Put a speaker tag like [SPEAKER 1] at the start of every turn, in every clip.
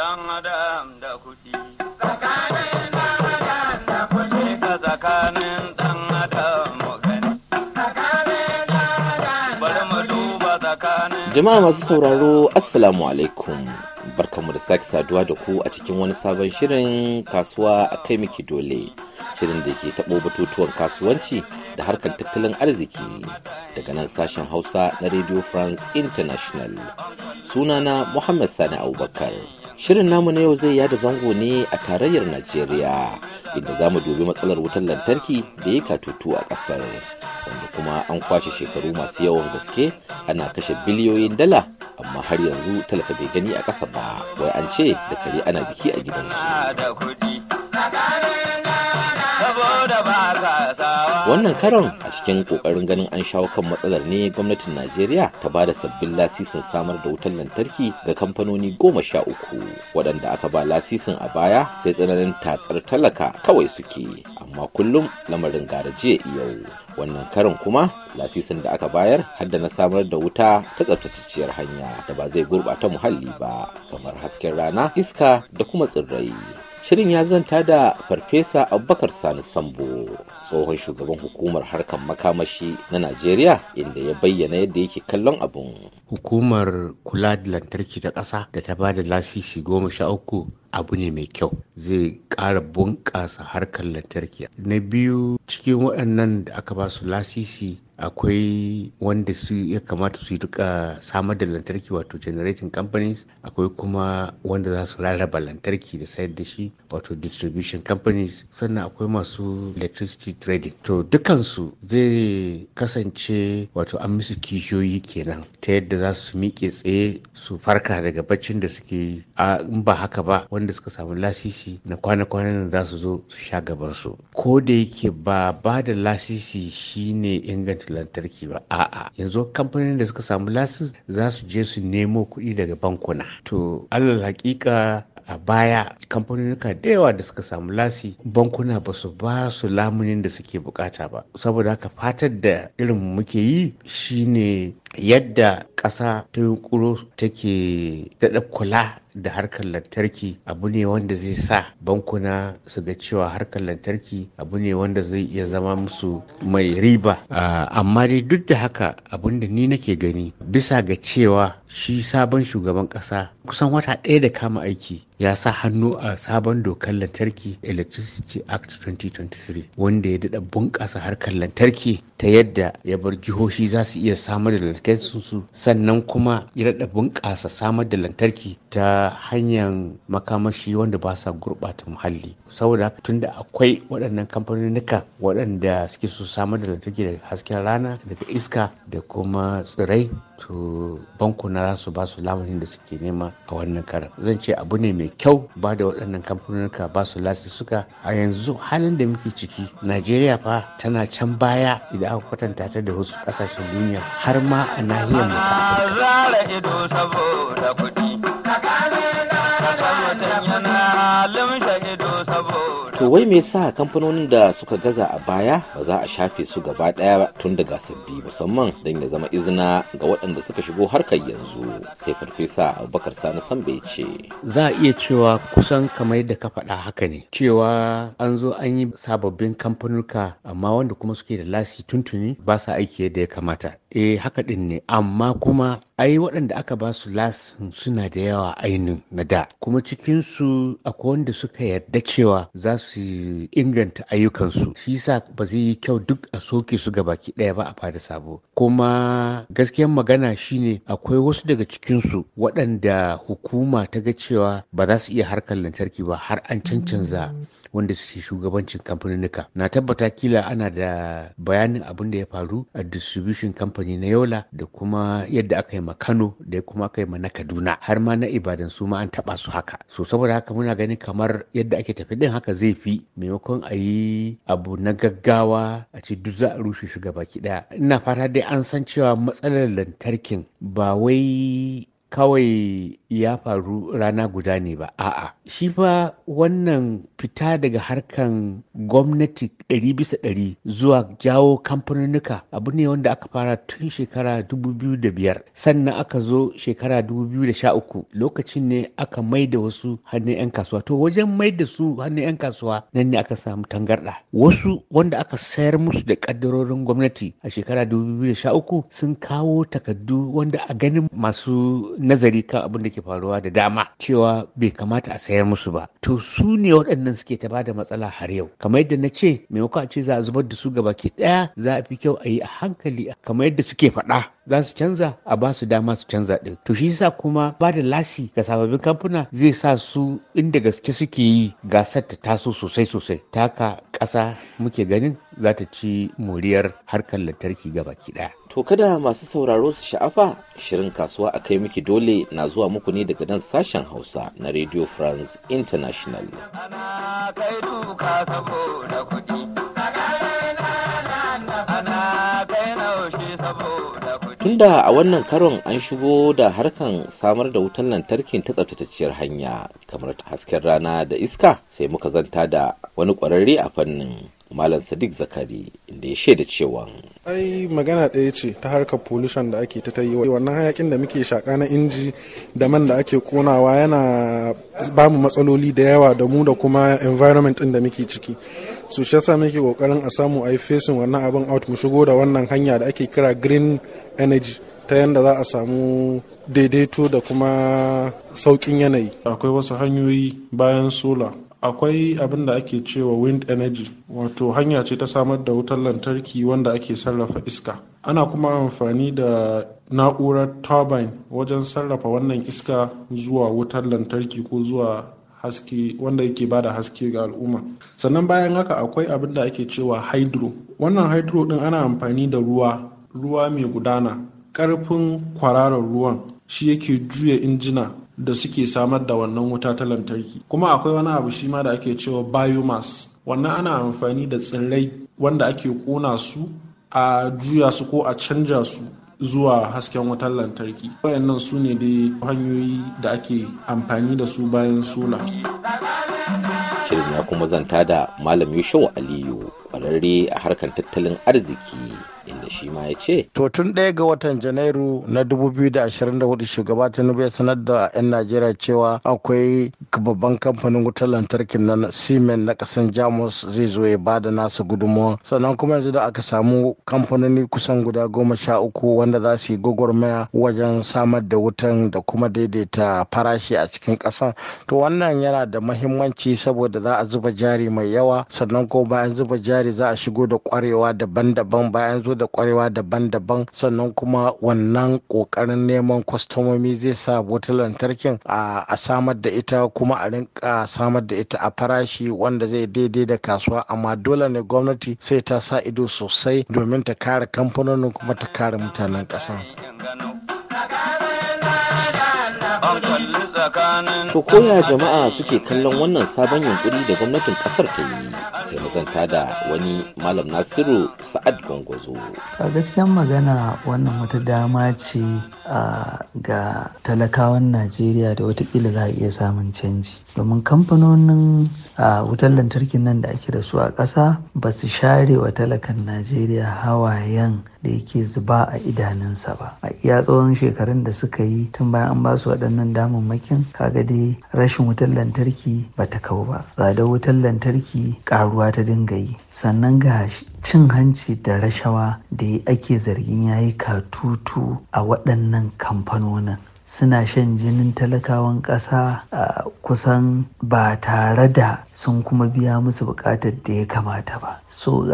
[SPEAKER 1] dan adam da kuɗi.
[SPEAKER 2] Jama'a masu sauraro Assalamu alaikum barkamu da sake saduwa da ku a cikin wani sabon shirin kasuwa a kai miki dole shirin da ke taɓo batutuwan kasuwanci da harkar tattalin arziki daga nan sashen Hausa na Radio France International sunana Muhammad Sani Abubakar. shirin namu na yau zai yada zango ne a tarayyar najeriya inda za mu dubi matsalar wutar lantarki da ya katutu a ƙasar wanda kuma an kwashe shekaru masu yawan gaske ana kashe biliyoyin dala amma har yanzu talaka bai gani a ƙasa ba wai an ce da kare ana biki a gidansu wannan karon a cikin kokarin ganin an shawo kan matsalar ne gwamnatin najeriya ta ba da sabbin lasisin samar da wutar lantarki ga kamfanoni goma sha uku waɗanda aka ba lasisin a baya sai tsananin tatsar talaka kawai suke amma kullum lamarin garaje yau wannan karon kuma lasisin da aka bayar hadda na samar da wuta ta tsabtacciyar hanya da ba zai gurɓata muhalli ba kamar hasken rana iska da kuma tsirrai shirin ya zanta da farfesa abubakar sani sambo tsohon shugaban hukumar harkar makamashi na najeriya inda ya bayyana yadda yake kallon abun
[SPEAKER 3] hukumar kula da lantarki ta ƙasa da ta ba da lasisi goma sha uku abu ne mai kyau zai ƙara bunƙasa harkar lantarki na biyu cikin waɗannan da aka ba su lasisi akwai wanda su ya kamata su duka samar da lantarki wato generating companies akwai kuma wanda za su rarraba lantarki da sayar da shi wato distribution companies sannan akwai masu electricity trading to dukansu zai kasance wato an musu kishiyoyi kenan ta yadda za su miƙe tsaye su farka daga baccin da suke a in ba haka ba wanda suka samu lasisi na kwana-kwanan za su zo su sha gabansu ko da yake ba ba da lasisi shine inganta lantarki ba a'a yanzu kamfanin da suka samu lasis za su je su nemo kuɗi daga bankuna to allah hakika a baya kamfanonika da yawa da suka samu lasi bankuna ba su ba su lamunin da suke bukata ba saboda haka fatar da irin muke yi shine yadda ƙasa ta yunkuro take daɗa kula da harkar lantarki abu ne wanda zai sa bankuna su ga cewa harkar lantarki abu ne wanda zai iya zama musu mai riba ah, amma dai duk da haka abin da ni nake gani bisa ga cewa shi sabon shugaban kasa kusan wata ɗaya da kama aiki ya sa hannu a sabon dokar lantarki electricity act 2023 wanda ya daɗa bunƙasa harkar lantarki ta yadda ya bar jihohi za su iya samar da lantarkinsu sannan kuma ya daɗa bunƙasa samar da lantarki ta hanyar makamashi wanda ba sa gurɓata muhalli saboda haka tunda akwai waɗannan kamfanonika waɗanda suke so samar da lantarki daga hasken rana daga iska da kuma tsirai to bankuna ma'ana za su ba su lamarin da suke nema a wannan karan zan ce abu ne mai kyau ba da waɗannan kamfanonuka ba su suka a yanzu halin da muke ciki najeriya fa tana can baya idan aka kwatanta ta da wasu ƙasashen duniya har ma a nahiyar
[SPEAKER 1] mu ta afirka
[SPEAKER 2] wai me sa kamfanonin da suka gaza a baya ba za a shafe su gaba daya tun daga sabbi musamman don ya zama izina ga waɗanda suka shigo harkar yanzu sai farfesa abubakar sani san bai ce
[SPEAKER 3] za a iya cewa kusan kamar da ka faɗa haka ne cewa an zo an yi sababbin kamfanuka amma wanda kuma suke da lasi tuntuni ba sa aiki yadda ya kamata eh haka din ne amma kuma ai waɗanda aka ba su lasin suna da yawa ainihin na da kuma cikinsu akwai wanda suka yarda cewa za su su inganta ayyukansu shi sa ba zai yi kyau duk a soke su ga baki ɗaya ba a fada sabo kuma gaskiyan magana shine akwai wasu daga cikinsu waɗanda hukuma ta ga cewa ba za su iya harkar lantarki ba har an cancanza wanda suke shugabancin kamfaninnika na tabbata kila ana da bayanin abin da ya faru a distribution company na yola da kuma yadda aka yi ma kano da kuma aka yi ma na kaduna har ma na ibadan su ma an taba su haka so saboda haka muna ganin kamar yadda ake tafi din haka zai fi maimakon a yi abu na gaggawa a ce duk za a rushe shi baki daya ina fata dai an san cewa matsalar lantarkin ba wai kawai ya faru rana guda ne ba a'a shi fa wannan fita daga harkan gwamnati 100% bisa ɗari zuwa jawo kamfanonuka abu ne wanda aka fara tun shekara 2005 sannan aka zo shekara 2013 lokacin ne aka maida wasu hannun 'yan kasuwa to wajen maida su hannun 'yan kasuwa nan ne aka samu tangarɗa wasu wanda aka sayar musu da ƙaddarorin gwamnati a shekara 2013 sun kawo takardu wanda a ganin masu nazari kan abin da ke suke faruwa da dama cewa bai kamata a sayar musu ba to su ne waɗannan suke ta bada matsala har yau kamar yadda na ce maimakon a ce za a zubar da su ke ɗaya za a fi kyau a yi a hankali kamar yadda suke faɗa za su canza a ba su dama su canza ɗin to shi yasa kuma ba da lasi ga sababbin kamfuna zai sa su inda gaske suke yi gasar ta taso sosai sosai taka ƙasa muke ganin za ta ci moriyar harkar lantarki gaba ɗaya.
[SPEAKER 2] To kada masu sauraro su sha'afa shirin kasuwa a kai miki dole na zuwa muku ne daga nan sashen Hausa na Radio France International. tunda a wannan karon an shigo da harkan samar da wutan lantarkin ta tsaftatacciyar hanya kamar hasken rana da iska sai muka zanta da wani kwararre a fannin Malam Sadiq Zakari inda ya shaida cewa.
[SPEAKER 4] Ai magana ɗaya ce ta harkar pollution da ake ta yi wannan hayakin da muke shaka na inji da man da ake konawa yana ba mu matsaloli da yawa da mu da kuma environment ɗin da muke ciki. Su shi yasa muke kokarin a samu a yi facing wannan abin out mu shigo da wannan hanya da ake kira green energy. ta yanda za a samu daidaito da kuma saukin yanayi. Akwai wasu hanyoyi bayan sola akwai abin da ake cewa wind energy wato hanya ce ta samar da wutar lantarki wanda ake sarrafa iska ana kuma amfani da na'urar turbine wajen sarrafa wannan iska zuwa wutar lantarki ko zuwa haske wanda yake ba da haske ga al'umma sannan bayan haka akwai abin da ake cewa hydro wannan hydro din ana amfani da ruwa ruwa mai gudana ƙarfin kwararar ruwan shi yake juya injina da suke samar da wannan wuta ta lantarki kuma akwai wani abu shi ma da ake cewa biomass wannan ana amfani da tsirrai wanda ake kona su a juya su ko a canja su zuwa hasken wutar lantarki wayannan su ne dai hanyoyi da ake amfani da su bayan sola
[SPEAKER 2] shirin ya kuma zanta da malam yushau aliyu kwararre a harkar tattalin arziki shi ma ya
[SPEAKER 3] ce. To tun ɗaya ga watan Janairu na 2024 shugaba Tinubu ya sanar da 'yan Najeriya cewa akwai babban kamfanin wutar lantarkin na Siemens na ƙasar Jamus zai zo ya ba da nasu gudunmawa. Sannan kuma yanzu da aka samu kamfanoni kusan guda goma sha uku wanda za su yi gwagwarmaya wajen samar da wutan da kuma daidaita farashi a cikin ƙasar. To wannan yana da mahimmanci saboda za a zuba jari mai yawa sannan ko bayan zuba jari za a shigo da ƙwarewa daban-daban bayan zo da kwarewa daban-daban sannan kuma wannan kokarin neman kwastomomi zai sa wutar lantarkin a samar da ita kuma a rinka samar da ita a farashi wanda zai daidai da kasuwa amma dole ne gwamnati sai ta sa ido sosai domin ta kare kamfanonin kuma ta kare mutanen ƙasa. To koya
[SPEAKER 2] jama'a suke kallon wannan sabon yankuri da gwamnatin ƙasar ta yi. sai mu zanta da wani malam nasiru sa'ad gongozo
[SPEAKER 1] a gaskiyar magana wannan wata dama ce ga talakawan najeriya da watakila za a iya samun canji domin kamfanonin wutar lantarkin nan da ake da su a ƙasa ba su share wa talakan najeriya hawayen da yake zuba a idanunsa ba a iya tsawon shekarun da suka yi tun bayan an ba su waɗannan damammakin kaga dai rashin wutar lantarki ba ta kau ba tsadar wutar lantarki ƙaruwa ta dinga yi sannan ga cin hanci da rashawa da ake zargin ya yi katutu a waɗannan kamfanonin suna shan jinin talakawan ƙasa a kusan ba tare da sun kuma biya musu buƙatar da ya kamata ba so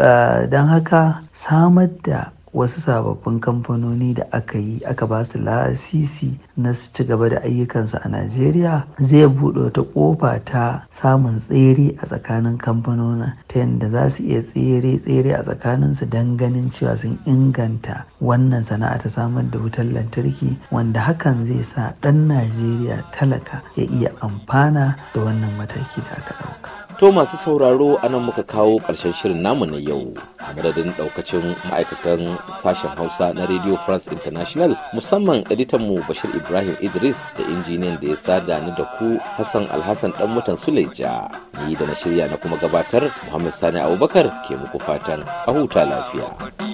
[SPEAKER 1] don haka samar da wasu sababbin kamfanoni da aka yi aka ba su lasisi na su ci gaba da ayyukansu a najeriya zai buɗe wata ƙofa ta samun tsere a tsakanin kamfanona ta yadda za su iya tsere tsere a tsakaninsu don ganin cewa sun inganta wannan sana'a ta samar da wutar lantarki wanda hakan zai sa ɗan najeriya talaka ya iya amfana da wannan mataki da aka ɗauka
[SPEAKER 2] To masu sauraro a nan muka kawo ƙarshen shirin namu na yau a madadin ɗaukacin ma'aikatan sashen Hausa na Radio France International musamman editanmu Bashir Ibrahim Idris da injiniyan da ya sada ni da ku Hassan Alhassan dan mutan Suleja ni da na shirya na kuma gabatar Muhammad Sani Abubakar ke muku fatan a huta lafiya.